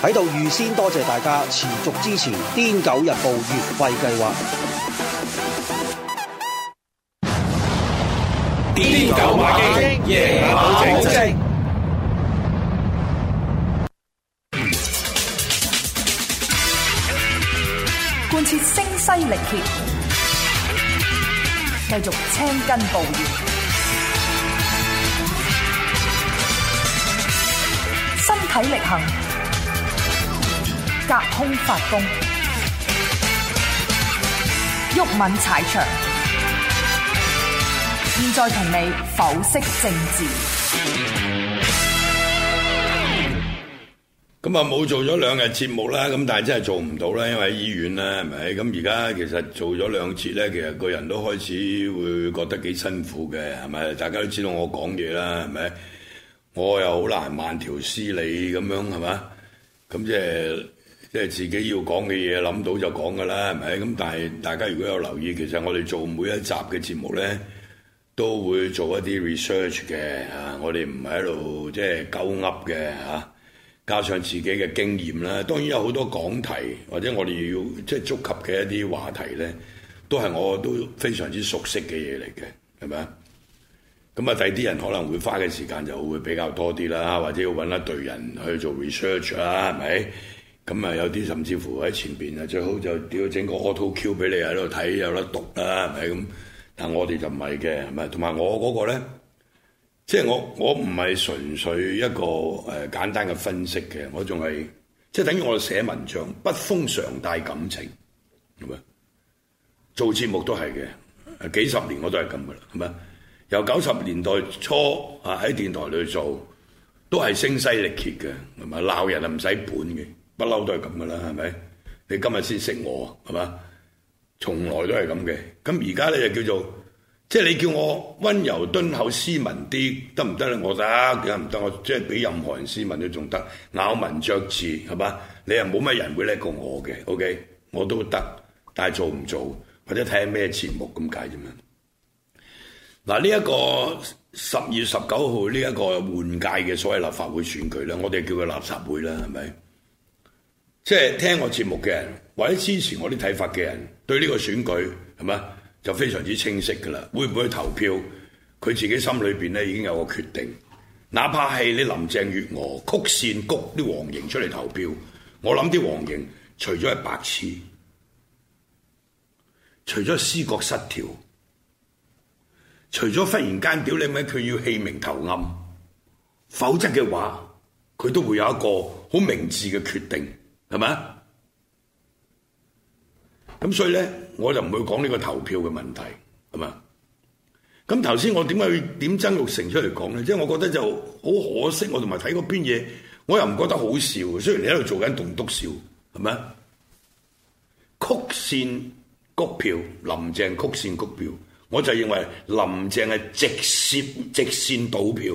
喺度預先多謝大家持續支持《癲狗日報月費計劃》。癲狗買機耶！阿寶正，正。貫徹聲嘶力竭，繼續青筋暴現，身體力行。隔空發功，毓民踩場，現在同你剖析政治。咁啊，冇做咗兩日節目啦，咁但係真係做唔到啦，因為喺醫院啦，係咪？咁而家其實做咗兩次咧，其實個人都開始會覺得幾辛苦嘅，係咪？大家都知道我講嘢啦，係咪？我又好難慢條斯理咁樣，係咪？咁即係。即係自己要講嘅嘢，諗到就講㗎啦，係咪？咁但係大家如果有留意，其實我哋做每一集嘅節目呢，都會做一啲 research 嘅啊。我哋唔係喺度即係鳩噏嘅嚇，加上自己嘅經驗啦。當然有好多講題或者我哋要即係觸及嘅一啲話題呢，都係我都非常之熟悉嘅嘢嚟嘅，係咪？咁啊，第二啲人可能會花嘅時間就會比較多啲啦，或者要揾一隊人去做 research 啦，係咪？咁啊，有啲甚至乎喺前面，啊，最好就屌整個 autocue 俾你喺度睇，有得讀啦，咁。但我哋就唔係嘅，係咪？同埋我嗰個咧，即係我我唔係純粹一個誒簡單嘅分析嘅，我仲係即係等於我寫文章筆鋒常帶感情，咁做節目都係嘅，幾十年我都係咁噶啦，係咪？由九十年代初啊喺電台裏做，都係聲嘶力竭嘅，係咪？鬧人啊，唔使本嘅。不嬲都係咁噶啦，係咪？你今日先識我，係嘛？從來都係咁嘅。咁而家咧就叫做，即係你叫我溫柔敦厚、斯文啲得唔得咧？我得，得唔得？我即係比任何人斯文都仲得，咬文嚼字係嘛？你又冇乜人會叻過我嘅。OK，我都得，但係做唔做或者睇下咩節目咁解啫嘛。嗱，呢一個十二月十九號呢一個換屆嘅所謂立法會選舉咧，我哋叫佢垃圾會啦，係咪？即係聽我節目嘅人，或者支持我啲睇法嘅人，對呢個選舉係嘛就非常之清晰㗎啦。會唔會去投票？佢自己心裏面咧已經有個決定。哪怕係你林鄭月娥曲線谷啲黃營出嚟投票，我諗啲黃營除咗係白痴，除咗思覺失調，除咗忽然間屌你咪佢要棄明投暗，否則嘅話佢都會有一個好明智嘅決定。係嘛？咁所以咧，我就唔會講呢個投票嘅問題，係嘛？咁頭先我點解去點曾鈺成出嚟講咧？即係我覺得就好可惜，我同埋睇嗰篇嘢，我又唔覺得好笑。雖然你喺度做緊棟篤笑，係咪？曲線曲票，林鄭曲線曲票，我就認為林鄭係直，直線直線賭票。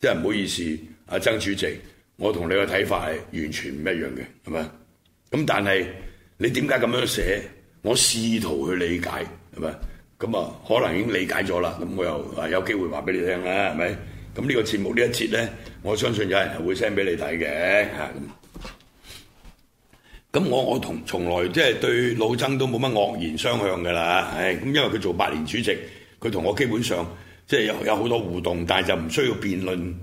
真係唔好意思，阿曾主席。我同你嘅睇法係完全唔一樣嘅，係咪？咁但係你點解咁樣寫？我試圖去理解，係咪？咁啊，可能已經理解咗啦。咁我又啊有機會話俾你聽啦，係咪？咁呢個節目呢一節呢，我相信有人係會 send 俾你睇嘅吓。咁我我同從來即係對老曾都冇乜惡言相向㗎啦，係。咁因為佢做八年主席，佢同我基本上即係有有好多互動，但係就唔需要辯論。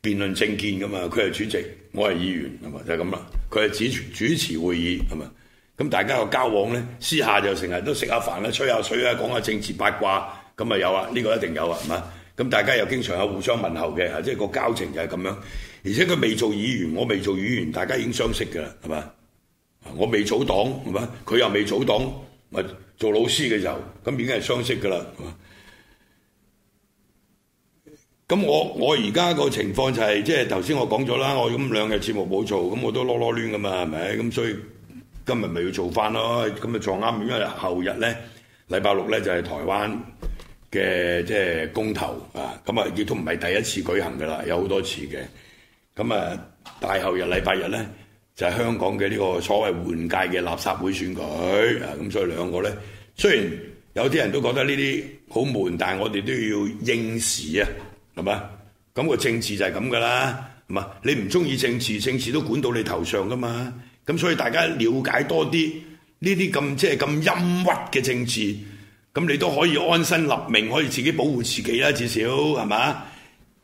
辯論政見㗎嘛，佢係主席，我係議員，係嘛就係咁啦。佢係主主持會議，係嘛。咁大家個交往咧，私下就成日都食下飯啦、吹一下水啦、講下政治八卦，咁咪有啊？呢個一定有啊，係嘛。咁大家又經常有互相問候嘅，即係個交情就係咁樣。而且佢未做議員，我未做議員，大家已經相識㗎啦，係嘛。我未組黨，係嘛，佢又未組黨，咪做老師嘅時候，咁已經係相識㗎啦，係嘛。咁我我而家個情況就係，即係頭先我講咗啦，我咁兩日節目冇做，咁我都囉囉攣噶嘛，係咪咁？所以今日咪要做翻咯，咁啊撞啱，因為後日咧禮拜六咧就係台灣嘅即係公投啊，咁啊亦都唔係第一次舉行噶啦，有好多次嘅。咁啊，大後日禮拜日咧就係香港嘅呢個所謂換屆嘅垃圾會選舉啊，咁所以兩個咧雖然有啲人都覺得呢啲好悶，但係我哋都要應時啊。係嘛？咁、那個政治就係咁噶啦，係嘛？你唔中意政治，政治都管到你頭上噶嘛？咁所以大家了解多啲呢啲咁即係咁陰鬱嘅政治，咁你都可以安身立命，可以自己保護自己啦，至少係嘛？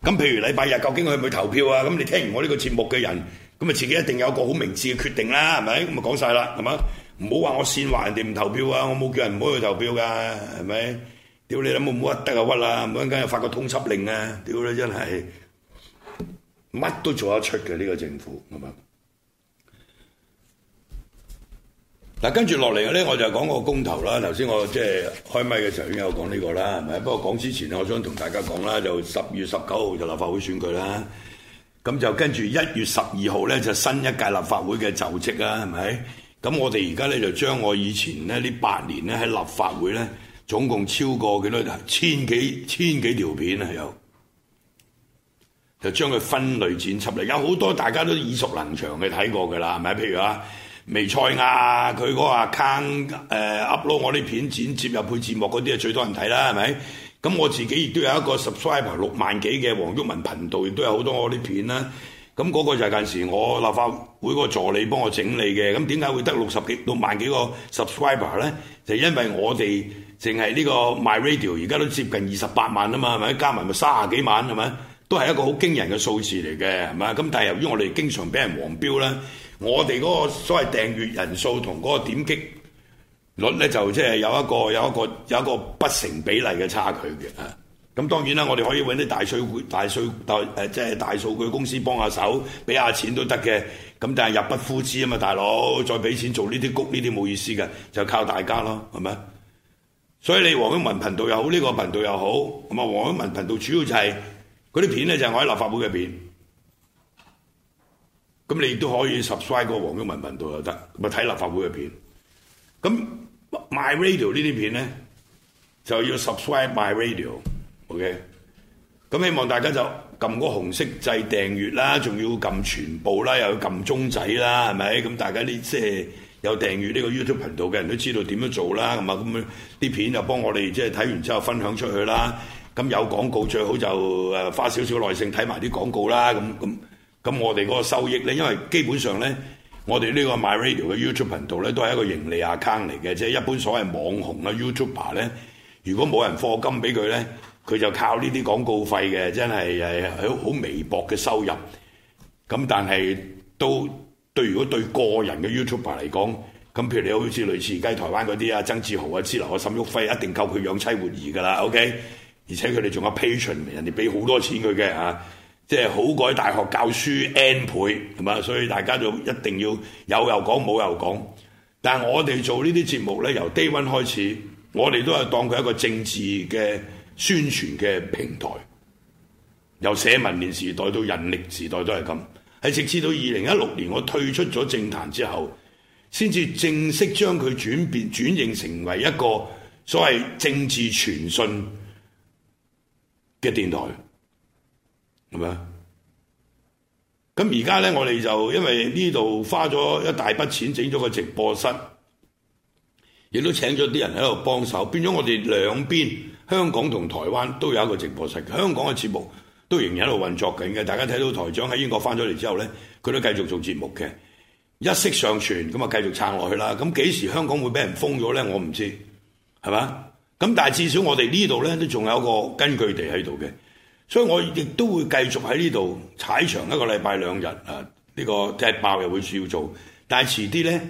咁譬如禮拜日究竟去唔去投票啊？咁你聽完我呢個節目嘅人，咁啊自己一定有一個好明智嘅決定啦，係咪？咁啊講晒啦，係嘛？唔好話我煽惑人哋唔投票啊！我冇叫人唔好去投票噶，係咪？屌你諗冇冇得啊屈啦，冇陣間又發個通緝令啊！屌你真係乜都做得出嘅呢個政府，係咪？嗱，跟住落嚟嘅咧，我就講個公投啦。頭先我即係開麥嘅時候已經有講呢個啦，係咪？不過講之前我想同大家講啦，就十月十九號就立法會選舉啦，咁就跟住一月十二號咧就新一屆立法會嘅就職啦，係咪？咁我哋而家咧就將我以前呢，呢八年咧喺立法會咧。總共超過幾多千幾千幾條片啊？有就將佢分類剪輯嚟，有好多大家都耳熟能詳嘅睇過㗎啦，係咪？譬如啊，微賽亞佢嗰個 account 誒、呃、upload 我啲片剪接入配字幕嗰啲啊，最多人睇啦，係咪？咁我自己亦都有一個 subscriber 六萬幾嘅黃毓民頻道，亦都有好多我啲片啦。咁、那、嗰個就係近時我立法會嗰個助理幫我整理嘅。咁點解會得六十幾六萬幾個 subscriber 咧？就是、因為我哋。淨係呢個 My Radio，而家都接近二十八萬啊嘛，咪加埋咪三啊幾萬係咪？都係一個好驚人嘅數字嚟嘅，係咪？咁但係由於我哋經常俾人黃標啦，我哋嗰個所謂訂閱人數同嗰個點擊率咧，就即係有一個有一個有一個不成比例嘅差距嘅。咁當然啦，我哋可以揾啲大數據大數大誒即係大數據公司幫下手，俾下錢都得嘅。咁但係入不敷支啊嘛，大佬再俾錢做呢啲谷呢啲冇意思嘅，就靠大家咯，係咪？所以你黃毓民頻道又好，呢個頻道又好，咁啊黃毓民頻道主要就係嗰啲片咧就係我喺立法會嘅片，咁你都可以 subscribe 個黃毓民頻道又得，咪睇立法會嘅片。咁 my radio 呢啲片咧就要 subscribe my radio，OK。咁希望大家就撳個紅色掣訂閲啦，仲要撳全部啦，又要撳鐘仔啦，係咪？咁大家呢即係。有訂閱呢個 YouTube 頻道嘅人都知道點樣做啦，咁啊咁啲片就幫我哋即係睇完之後分享出去啦。咁有廣告最好就誒花少少耐性睇埋啲廣告啦。咁咁咁我哋嗰個收益呢，因為基本上呢，我哋呢個 MyRadio 嘅 YouTube 頻道呢，都係一個盈利 account 嚟嘅，即係一般所謂網紅啊 YouTuber 呢，如果冇人課金俾佢呢，佢就靠呢啲廣告費嘅，真係係好微薄嘅收入。咁但係都。對，如果對個人嘅 YouTuber 嚟講，咁譬如你好似類似而家台灣嗰啲啊，曾志豪啊、之流啊、沈旭暉，一定夠佢養妻活兒噶啦，OK。而且佢哋仲有 Patreon，人哋俾好多錢佢嘅啊，即係好過喺大學教書 n 倍，係嘛？所以大家就一定要有又講冇又講。但係我哋做呢啲節目呢，由 Day 1開始，我哋都係當佢一個政治嘅宣傳嘅平台。由社民連時代到人力時代都係咁。係直至到二零一六年，我退出咗政壇之後，先至正式將佢轉變轉型成為一個所謂政治傳訊嘅電台，係咪啊？咁而家呢，我哋就因為呢度花咗一大筆錢整咗個直播室，亦都請咗啲人喺度幫手，變咗我哋兩邊香港同台灣都有一個直播室，香港嘅節目。都仍然喺度運作緊嘅，大家睇到台長喺英國翻咗嚟之後呢，佢都繼續做節目嘅，一息尚存咁啊，就繼續撐落去啦。咁幾時香港會俾人封咗呢？我唔知，係嘛？咁但係至少我哋呢度呢，都仲有個根據地喺度嘅，所以我亦都會繼續喺呢度踩場一個禮拜兩日啊！呢個踢爆又會要做，但係遲啲呢，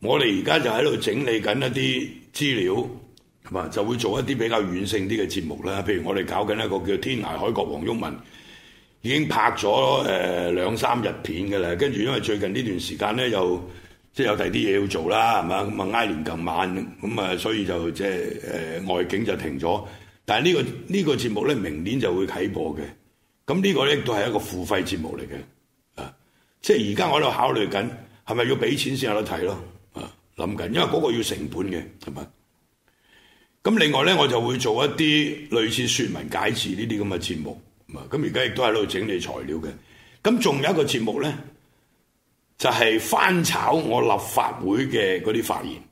我哋而家就喺度整理緊一啲資料。就會做一啲比較軟性啲嘅節目啦，譬如我哋搞緊一個叫《天涯海角》，黃旭文已經拍咗誒兩三日片嘅啦。跟住因為最近呢段時間呢，又即係有第二啲嘢要做啦，係嘛咁啊，挨年近晚咁啊，所以就即係誒外景就停咗。但係呢個呢個節目呢，明年就會啟播嘅。咁呢個呢都係一個付費節目嚟嘅，啊，即係而家我喺度考慮緊係咪要俾錢先有得睇咯？啊，諗緊，因為嗰個要成本嘅，咁另外呢，我就會做一啲類似說文解字呢啲咁嘅節目，啊，咁而家亦都喺度整理材料嘅。咁仲有一個節目呢，就係、是、翻炒我立法會嘅嗰啲發言，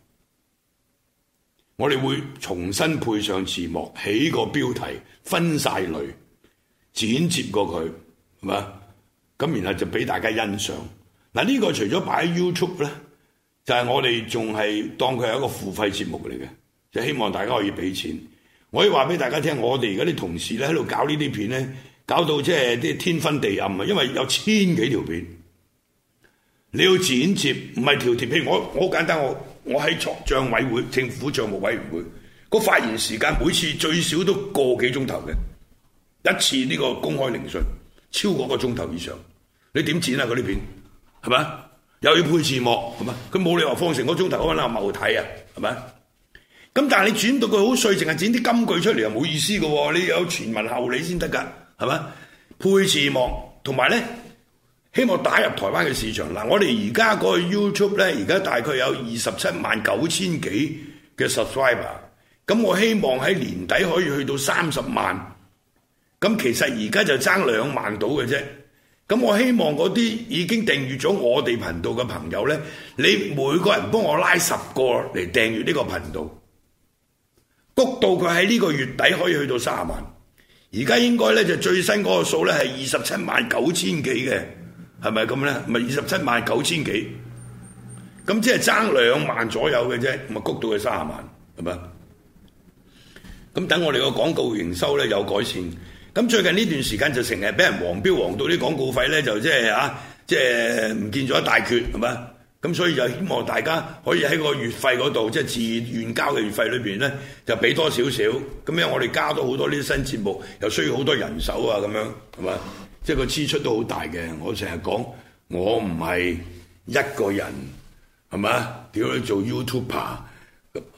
我哋會重新配上字幕，起個標題，分晒類，剪接過佢，係嘛？咁然後就俾大家欣賞。嗱、這、呢個除咗擺 YouTube 呢，就係我哋仲係當佢係一個付費節目嚟嘅。希望大家可以俾錢。我要話俾大家聽，我哋而家啲同事咧喺度搞呢啲片咧，搞到即係啲天昏地暗啊！因為有千幾條片，你要剪接，唔係條條。譬如我，我好簡單，我我喺作帳委會、政府帳目委員會個發言時間，每次最少都個幾鐘頭嘅，一次呢個公開聆訊超過個鐘頭以上，你點剪啊嗰啲片？係咪又要配字幕，係嘛？佢冇理由放成個鐘頭嗰班鬧冇睇啊，係咪？咁但係你轉到佢好碎，淨係剪啲金句出嚟，又冇意思嘅。你有全文後理先得噶，係嘛？配字幕，同埋呢，希望打入台灣嘅市場嗱。我哋而家嗰個 YouTube 呢，而家大概有二十七萬九千幾嘅 subscriber。咁我希望喺年底可以去到三十萬。咁其實而家就爭兩萬到嘅啫。咁我希望嗰啲已經訂閱咗我哋頻道嘅朋友呢，你每個人幫我拉十個嚟訂閱呢個頻道。谷到佢喺呢個月底可以去到卅萬，而家應該咧就最新嗰個數咧係二十七萬九千幾嘅，係咪咁咧？咪二十七萬九千幾？咁即係爭兩萬左右嘅啫，咁咪谷到佢卅萬係咪？咁等我哋個廣告營收咧有改善，咁最近呢段時間就成日俾人黃標黃到啲廣告費咧就即係啊，即係唔見咗一大缺係咪？咁所以就希望大家可以喺個月費嗰度，即係自願交嘅月費裏邊呢，就俾多少少。咁因為我哋交多好多呢啲新節目，又需要好多人手啊，咁樣係嘛？即係個支出都好大嘅。我成日講，我唔係一個人係嘛？屌你做 YouTuber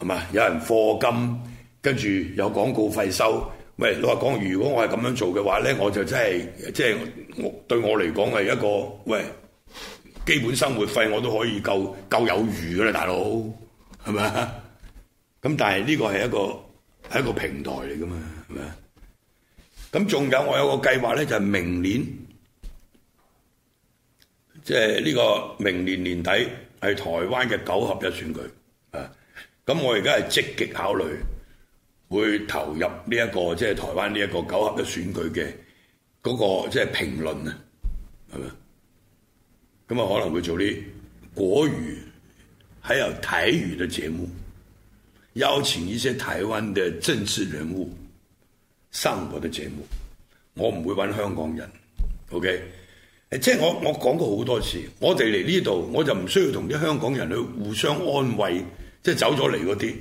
係嘛？有人課金，跟住有廣告費收。喂，老實講，如果我係咁樣做嘅話呢，我就真係即係我對我嚟講係一個喂。基本生活費我都可以夠夠有餘噶啦，大佬，係咪啊？咁但係呢個係一個係一個平台嚟噶嘛，係咪啊？咁仲有我有個計劃咧，就係明年，即係呢個明年年底係台灣嘅九合一選舉啊！咁我而家係積極考慮會投入呢、這、一個即係、就是、台灣呢一個九合一選舉嘅嗰個即係評論啊，係咪啊？咁啊，可能會做啲國語，還有台語的節目，邀請一些台灣的政治人物、生活的節目。我唔會揾香港人，OK？即係我我講過好多次，我哋嚟呢度，我就唔需要同啲香港人去互相安慰，即係走咗嚟嗰啲，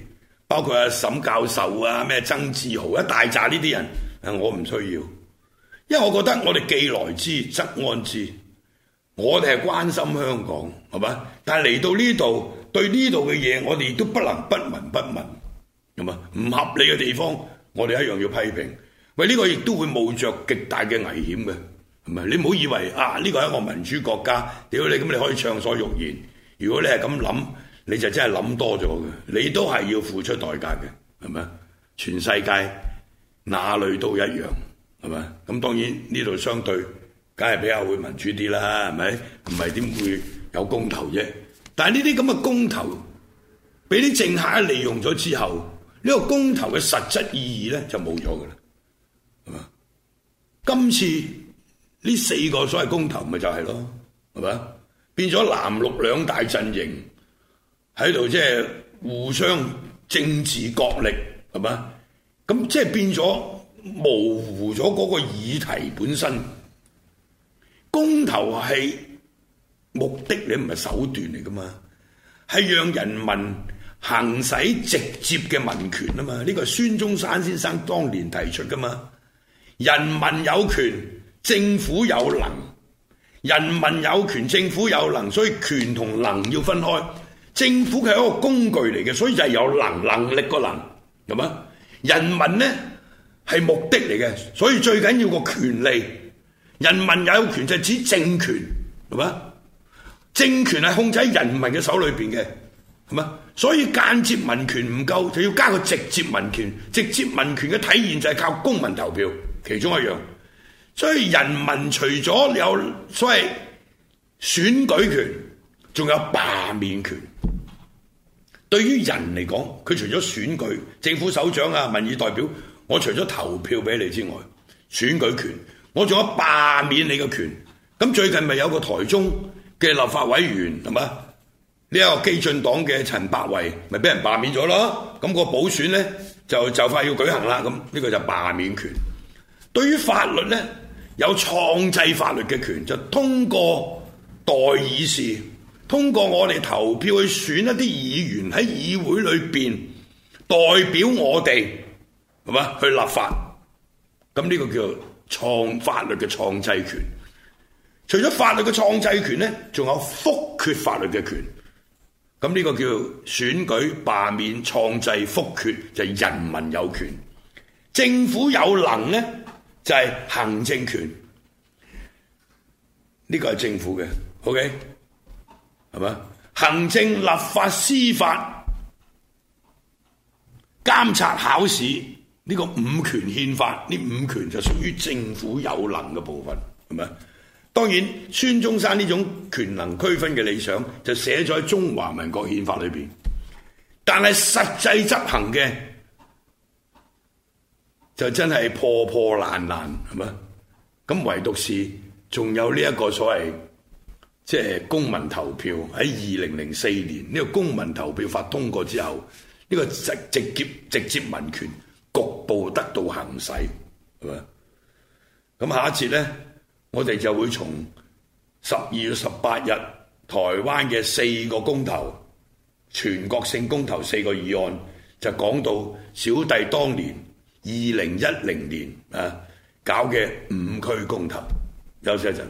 包括阿沈教授啊、咩曾志豪，一大扎呢啲人，我唔需要，因為我覺得我哋既來之則安之。我哋係關心香港，係嘛？但係嚟到呢度，對呢度嘅嘢，我哋都不能不聞不問，係嘛？唔合理嘅地方，我哋一樣要批評。喂，呢個亦都會冒着極大嘅危險嘅，係咪？你唔好以為啊，呢個係一個民主國家，屌你咁你可以暢所欲言。如果你係咁諗，你就真係諗多咗嘅，你都係要付出代價嘅，係咪？全世界，哪裏都一樣，係嘛？咁當然呢度相對。梗係比較會民主啲啦，係咪？唔係點會有公投啫？但係呢啲咁嘅公投，俾啲政客利用咗之後，呢個公投嘅實質意義咧就冇咗㗎啦。係嘛？今次呢四個所謂公投咪就係咯，係嘛？變咗藍綠兩大陣營喺度，即係互相政治角力，係嘛？咁即係變咗模糊咗嗰個議題本身。公投係目的，你唔係手段嚟噶嘛？係讓人民行使直接嘅民權啊嘛？呢個係孫中山先生當年提出噶嘛？人民有權，政府有能；人民有權，政府有能，所以權同能要分開。政府係一個工具嚟嘅，所以就係有能能力個能，係嘛？人民呢係目的嚟嘅，所以最緊要個權利。人民有權就係指政權，係咪啊？政權係控制喺人民嘅手裏面嘅，係咪啊？所以間接民權唔夠，就要加個直接民權。直接民權嘅體現就係靠公民投票，其中一樣。所以人民除咗有所謂選舉權，仲有罷免權。對於人嚟講，佢除咗選舉政府首長啊、民意代表，我除咗投票俾你之外，選舉權。我仲有罷免你嘅權，咁最近咪有個台中嘅立法委員係嘛？呢又、這個、基進黨嘅陳柏惟咪俾人罷免咗咯？咁、那個補選呢，就就快要舉行啦。咁呢個就罷免權。對於法律呢，有創制法律嘅權，就通過代議士，通過我哋投票去選一啲議員喺議會裏邊代表我哋係嘛去立法。咁呢個叫。創法律嘅創制權，除咗法律嘅創制權呢，仲有覆決法律嘅權。咁、這、呢個叫選舉罷免、創制覆決，就是、人民有權。政府有能呢就係行政權。呢、這個係政府嘅，OK，係嘛？行政、立法、司法、監察、考試。呢個五權憲法，呢五權就屬於政府有能嘅部分，係咪？當然，孫中山呢種權能區分嘅理想就寫咗喺《中華民國憲法》裏邊，但係實際執行嘅就真係破破爛爛，係咪？咁唯獨是仲有呢一個所謂即係公民投票喺二零零四年呢個公民投票法通過之後，呢個直直接直接民權。逐步得到行使，係嘛？咁下一節呢，我哋就會從十二月十八日台灣嘅四個公投，全國性公投四個議案，就講到小弟當年二零一零年啊搞嘅五區公投。休息一陣。